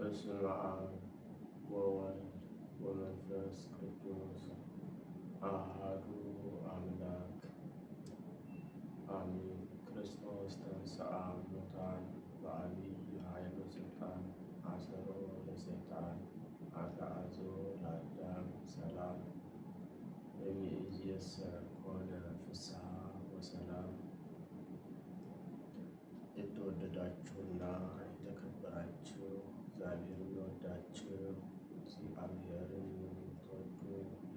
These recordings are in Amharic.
በስመ አብ ወወልድ ወመንፈስ ቅዱስ አሃዱ አምላክ አሜን። ክርስቶስ ተንሥአ እሙታን በዐቢይ ኃይል ወሥልጣን አሰሮ ለሰይጣን አግዓዞ ለአዳም ሰላም የሚእዝየሰር ኮነ ፍስሐ ወሰላም። የተወደዳችሁና የተከበራችሁ እግዚአብሔርን የምወዳችሁ እግዚአብሔርን የምትወዱ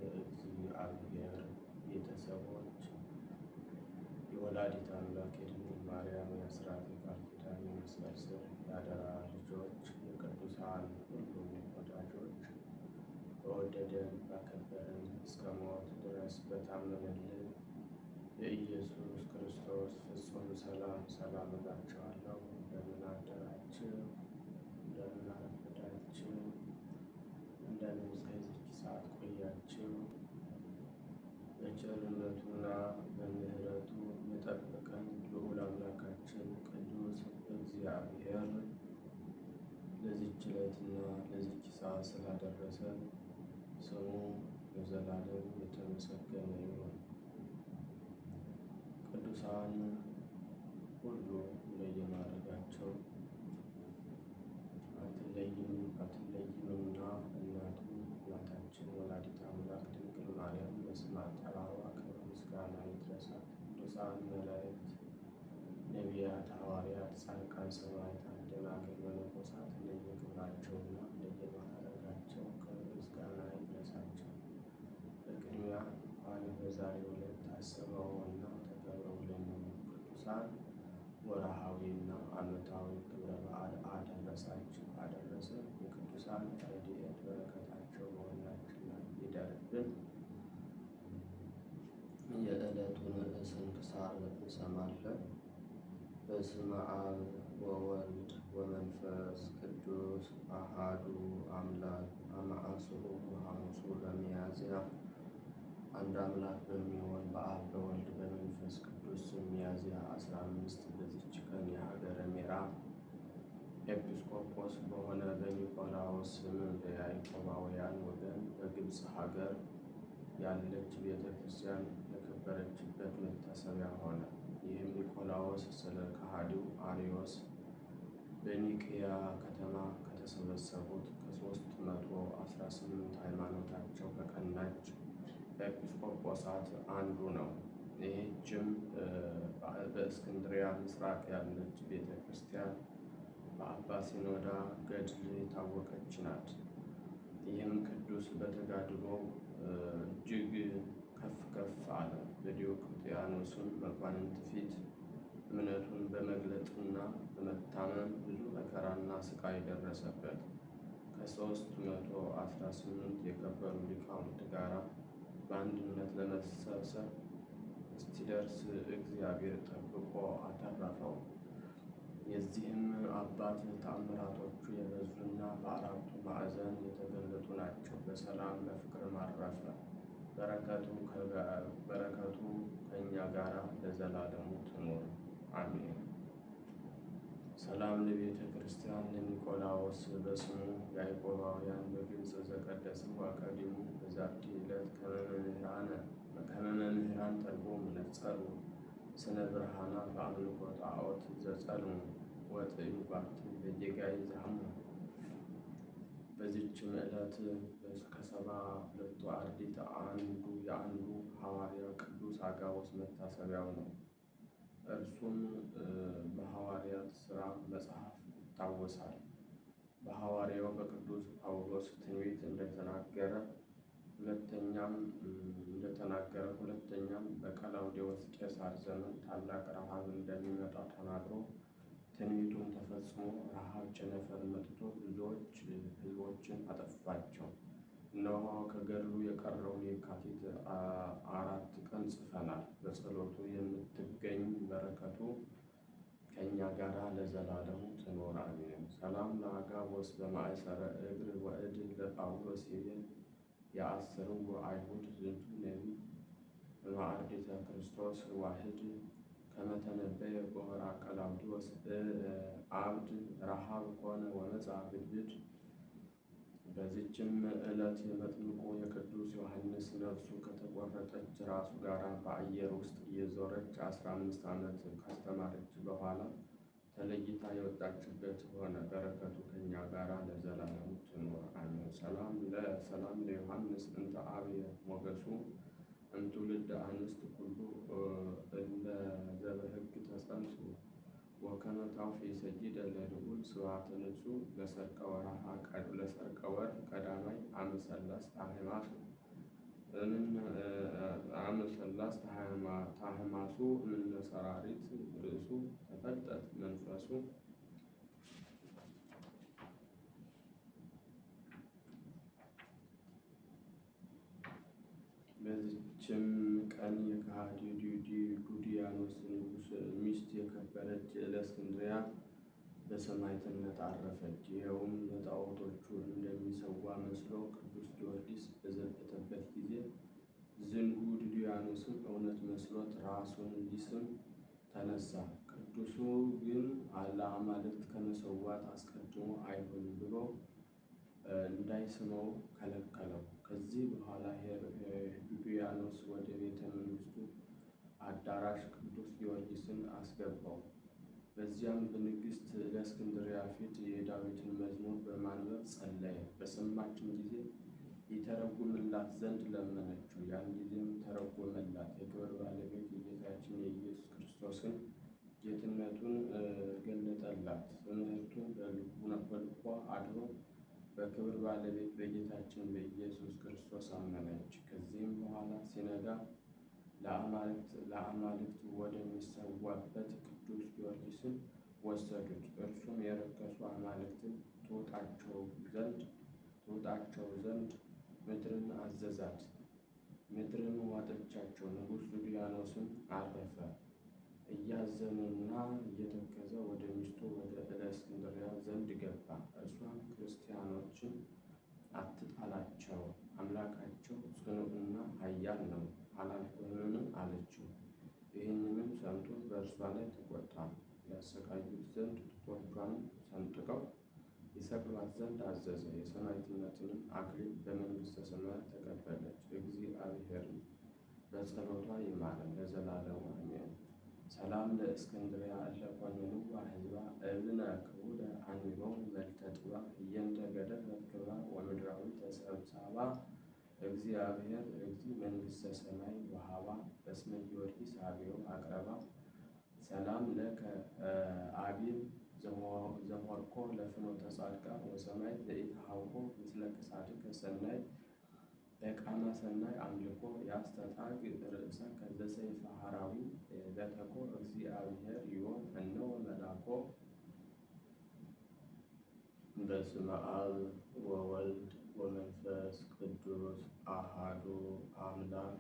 የእግዚአብሔር ቤተሰቦች የወላዲተ አምላክ የድንግል ማርያም የአስራት የቃል ኪዳን የመስቀል ስር የአደራ ልጆች የቅዱሳን ሁሉ ወዳጆች በወደደን ባከበረን እስከ ሞት ድረስ በታመነልን የኢየሱስ ክርስቶስ ፍጹም ሰላም ሰላም እላችኋለሁ። እንደምን አደራችሁ? ሰዓት ቆያችሁ። በቸርነቱና በምሕረቱ የጠበቀን ልዑል አምላካችን ቅዱስ እግዚአብሔር ለዚች ዕለትና ለዚች ሰዓት ስላደረሰን ስሙ ለዘላለም የተመሰገነ ይሁን። ቅዱሳን ሁሉ እመቤታችን ወላዲተ አምላክ ድንግል ማርያም በስመ አጠራሯ ክብር ምስጋና ይድረሳት። ቅዱሳን መላእክት፣ ነቢያት፣ ሐዋርያት፣ ጻድቃን፣ ሰማዕታት፣ ደናግል፣ መነኮሳት እንደየክብራቸውና እንደየማዕረጋቸው ክብር ምስጋና ይድረሳቸው። በቅድሚያ እንኳን በዛሬው ዕለት ታስበውና ተከብረው ለሚውሉ ቅዱሳን ወርሃዊና ዓመታዊ ክብረ በዓል አደረሳችሁ አደረሰ። የቅዱሳን ረድኤት በረከታቸው በሁላችን ላይ ይደርብን። የዕለቱን ስንክሳር እንሰማለን። በስመ አብ ወወልድ ወመንፈስ ቅዱስ አሃዱ አምላክ አመአጽኡ ወሐሙሱ ለሚያዝያ አንድ አምላክ በሚሆን በአብ በወልድ በመንፈስ ቅዱስ ሚያዝያ 15 በዚች ቀን የሀገረ ሜራ ኤጲስቆጶስ በሆነ በኒቆላዎስ ስም በያዕቆባውያን ወገን በግብፅ ሀገር ያለች ቤተ ክርስቲያን የከበረችበት መታሰቢያ ሆነ። ይህም ኒቆላዎስ ስለ ከሃዲው አሪዎስ በኒቅያ ከተማ ከተሰበሰቡት ከ መቶ ሃይማኖታቸው ከቀናች ኤጲስቆጶሳት አንዱ ነው። ይህችም በእስክንድሪያ ምስራቅ ያለች ቤተ ክርስቲያን በአባ ሲኖዳ ገድል የታወቀች ናት። ይህም ቅዱስ በተጋድሎ እጅግ ከፍ ከፍ አለ። በዲዮቅልጥያኖስም መኳንንት ፊት እምነቱን በመግለጥና በመታመም ብዙ መከራና ስቃይ ደረሰበት። ከሶስት መቶ አስራ ስምንት የከበሩ ሊቃውንት ጋራ በአንድነት ለመሰብሰብ እስኪደርስ እግዚአብሔር ጠብቆ አተረፈው። የዚህም አባት ተአምራቶቹ የበዙና በአራቱ ማዕዘን የተገለጡ ናቸው። በሰላም በፍቅር ማረፈ። በረከቱ ከእኛ ጋር ለዘላለሙ ትኖር አሜን። ሰላም ለቤተ ክርስቲያን ለኒቆላዎስ በስሙ የአይቆባውያን በግብፅ ዘቀደስ አቀዲሙ ዳቂ ዕለት ከመመ ምህራን ተርቦ መነጸሩ ስነ ብርሃና በአምልኮ ጣዖት ዘጸሉ ወጥዩ ባቲ በጌጋይ ዛሙ። በዚችም ዕለት ከሰባ ሁለቱ አርድእት አንዱ የአንዱ ሐዋርያ ቅዱስ አጋቦስ መታሰቢያው ነው። እርሱም በሐዋርያት ሥራ መጽሐፍ ይታወሳል። በሐዋርያው በቅዱስ ጳውሎስ ትንቢት እንደተናገረ ሁለተኛም እንደተናገረ ሁለተኛም በቀላውዴዎስ ቄሳር ዘመን ታላቅ ረሃብ እንደሚመጣ ተናግሮ ትንቢቱን ተፈጽሞ ረሃብ ቸነፈር መጥቶ ብዙዎች ሕዝቦችን አጠፋቸው። እነሆ ከገድሉ የቀረውን የካቲት አራት ቀን ጽፈናል። በጸሎቱ የምትገኝ በረከቱ ከእኛ ጋር ለዘላለሙ ትኖር አሜን። ሰላም ለአጋቦስ በማእሰረ እግር ወእድ ለጳውሎስ ይብል የአሰሩ አይሁድ ዘቱነቢ በማዕርጌታ ክርስቶስ ዋህድ ከመተነበየ ጎበራ ቀላውዲዎስ አብድ ረሃብ ኮነ ወነፃ ብድብድ። በዚችም ዕለት የመጥምቁ የቅዱስ ዮሐንስ ነፍሱ ከተቆረጠች ራሱ ጋር በአየር ውስጥ እየዞረች አስራ አምስት ዓመት ካስተማረች በኋላ ተለይታ የወጣችበት ሆነ። በረከቱ ከኛ ጋር ለዘላለሙ ትኖር አሜን። ሰላም ለሰላም ለዮሐንስ እንተ አብየ ሞገሱ እምትውልድ አንስት ኩሉ እንደ ዘበህግ ተጸንሱ ወከመታው የሰይደ ለልዑል ስብሐተ ንጹሕ ለሰርቀ ወርሃ ለሰርቀ ወር ቀዳማይ አመሰለስ አህማፍ አመሰላስ ታህማሱ ሰራሪት ርእሱ ተፈልጠት መንፈሱ በዚችም ቀን የከሃዲ ዱዲያኖስ ንጉሥ ሚስት የከበረች ለእስክንድርያ በሰማዕትነት አረፈች ይኸውም ለጣዖቶቹ እንደሚሰዋ መስሎ ቅዱስ ጊዮርጊስ በዘበተበት ጊዜ ዝንጉ ድድያኖስም እውነት መስሎት ራሱን ሊስም ተነሳ። ቅዱሱ ግን ለአማልክት ከመሰዋት አስቀድሞ አይሁን ብሎ እንዳይስመው ከለከለው። ከዚህ በኋላ ሄሮድያኖስ ወደ ቤተ መንግስቱ አዳራሽ ቅዱስ ጊዮርጊስን አስገባው። በዚያም በንግሥት ለእስክንድርያ ፊት የዳዊትን መዝሙር በማንበብ ጸለየ። በሰማችም ጊዜ የተረጉምላት ዘንድ ለመነችው። ያን ጊዜም ተረጎመላት። የክብር ባለቤት የጌታችን የኢየሱስ ክርስቶስን ጌትነቱን ገለጠላት። ትምህርቱ በልቧ አድሮ በክብር ባለቤት በጌታችን በኢየሱስ ክርስቶስ አመነች። ከዚህም በኋላ ሲነጋ ለአማልክት ወደሚሰዋበት ቅዱስ ጊዮርጊስን ወሰዱት። እርሱም የረከሱ አማልክትን ትውጣቸው ዘንድ ምድርን አዘዛት። ምድርን ዋጠቻቸው። ንጉሥ ዙልያኖስም አረፈ። እያዘነና እየተከዘ ወደ ሚስቱ ወደ እለእስክንድርያ ዘንድ ገባ። እርሷም ክርስቲያኖችን አትጣላቸው፣ አምላካቸው ጽኑዕና ኃያል ነው አላልኩህምን አለችው። ይህንንም ሰምቶ በእርሷ ላይ ተቆጣ። ያሰቃዩት ዘንድ ጡቶቿን ሰንጥቀው ይሰቅሏት ዘንድ አዘዘ። የሰማዕትነትንም አክሊል በመንግሥተ ሰማያት ተቀበለች። እግዚአብሔርም በጸሎቷ ይማረን ለዘላለሙ አሜን። ሰላም ለእስክንድርያ እለ ኮነኑ አህዝባ እብነ ክቡደ አንቢቦ መልተጥባ እየንደገደ ገደ ወምድራዊ ተሰብሳባ እግዚአብሔር እግዚ መንግሥተ ሰማይ ወሃባ በስመ ጊዮርጊስ አብዮ አቅረባ ሰላም ለከ አቢብ ዘሞርኮ ለፍኖተ ጻድቃን ወሰማይ ዘኢትሃውኮ ምስለ ክሳድከ ሰናይ በቃና ሰናይ አምልኮ ያስተጣግ ርእሰ ከዘሰይፈ ሐራዊ በተኮ እግዚአብሔር ዮ ፈነወ መላኮ። በስመ አብ ወወልድ ወመንፈስ ቅዱስ አሃዱ አምላክ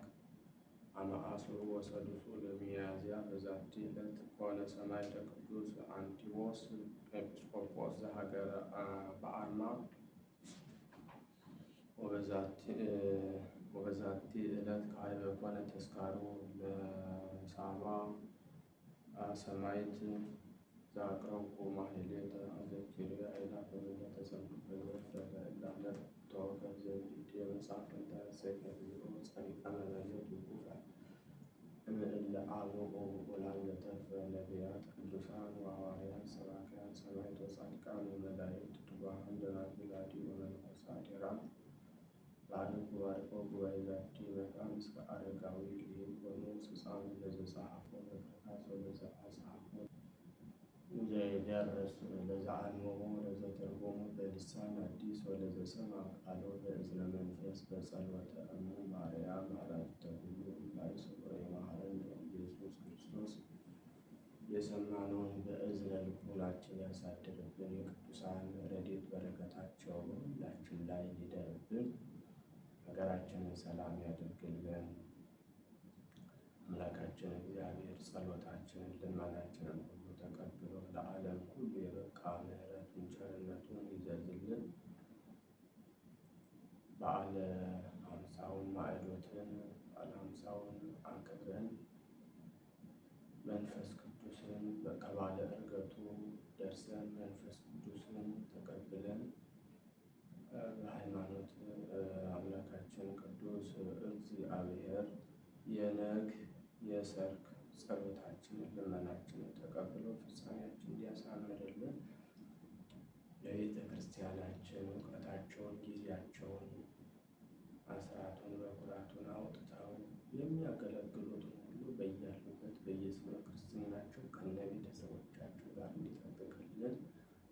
አመአሶ ወሰዱሱ ለሚያዝያ በዛቲ ዕለት ኮነ ሰማዕተ ቅዱስ አንጢሞስ ኤጲስቆጶስ ዘሀገረ በአርማ ወበዛቲ ዕለት ካዕበ ኮነ ተስካሮ ለሳባ ሰማዕት ዘአቅረብኩ ማሕሌተ አዘኪርያ ኢላፈ በዘይት መሳፍንት ዘገብሔሮ ጸሪቀ መበለት ውቁፋት እምዕለ አበቦ ወላን ለተርፈ ነቢያት ቅዱሳን ወሐዋርያት ሰባክያን ሰማዕት ወጻድቃን ወመላእክት ትጉሃን ደናግል አዲእ ወመነኮሳት የራት በአለም ጉባርቆ ጉባኤ ዛቲ መቃም እስከ አረጋዊ ሊሆን ሆኖ ስጻም ለዘ ጸሐፎ መቅረታት ወበዘ ዘደርስ ለዘአንበቦ ለዘትርጉሙ በልሳን አዲስ ወለዘሰማ ቃሎ በእዝነ መንፈስ በጸሎተ እሙ ማርያም አራጅተ ሁሉ ላይ ስቁረ የማህረን ኢየሱስ ክርስቶስ የሰማነውን በእዝነ ልቡናችን ያሳድርብን። የቅዱሳን ረድኤት በረከታቸው ሁላችን ላይ ይደርብን። ሀገራችንን ሰላም ያድርግልን። አምላካችን እግዚአብሔር ጸሎታችንን ልመናችንን ተቀብሎ ለዓለም ሁሉ የበቃ ምሕረቱን ቸርነቱን ይዘዝልን። በዓለ ሃምሳውን ማዕዶትን በዓለ ሃምሳውን አክብረን መንፈስ ቅዱስን ከበዓለ ዕርገቱ ደርሰን መንፈስ ቅዱስን ተቀብለን በሃይማኖት አምላካችን ቅዱስ እግዚአብሔር የነግ የሰርክ ጸሎታችንን ልመናችንን ተቀብሎ ፍጻሜያችን እንዲያሳምርልን ለቤተ ክርስቲያናችን እውቀታቸውን፣ ጊዜያቸውን፣ አስራቱን በኩራቱን አውጥተው የሚያገለግሉትን ሁሉ በያሉበት በየስመ ክርስትናቸው ከነ ቤተሰቦቻቸው ጋር እንዲጠብቅልን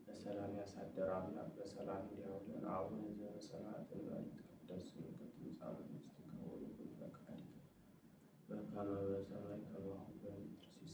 በሰላም ያሳደረ አምላክ በሰላም እንዲያውለን። አቡነ ዘበሰማያት ይትቀደስ ስምከ ትምጻእ መንግስትከ ወይኩን ፈቃድከ በከመ በሰማይ ከማሁ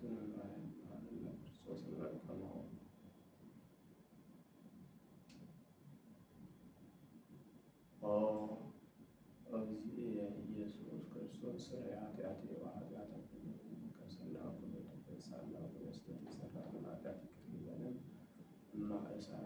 ክርስቶስ ለቀመው ኦ እግዚእ ኢየሱስ ክርስቶስ ኃጢአት ኃጢአት ከስና ኩሉ ተፈሳላ ወስተሰራ ኃጢአት ይቅር ይበለን እማ እሰራ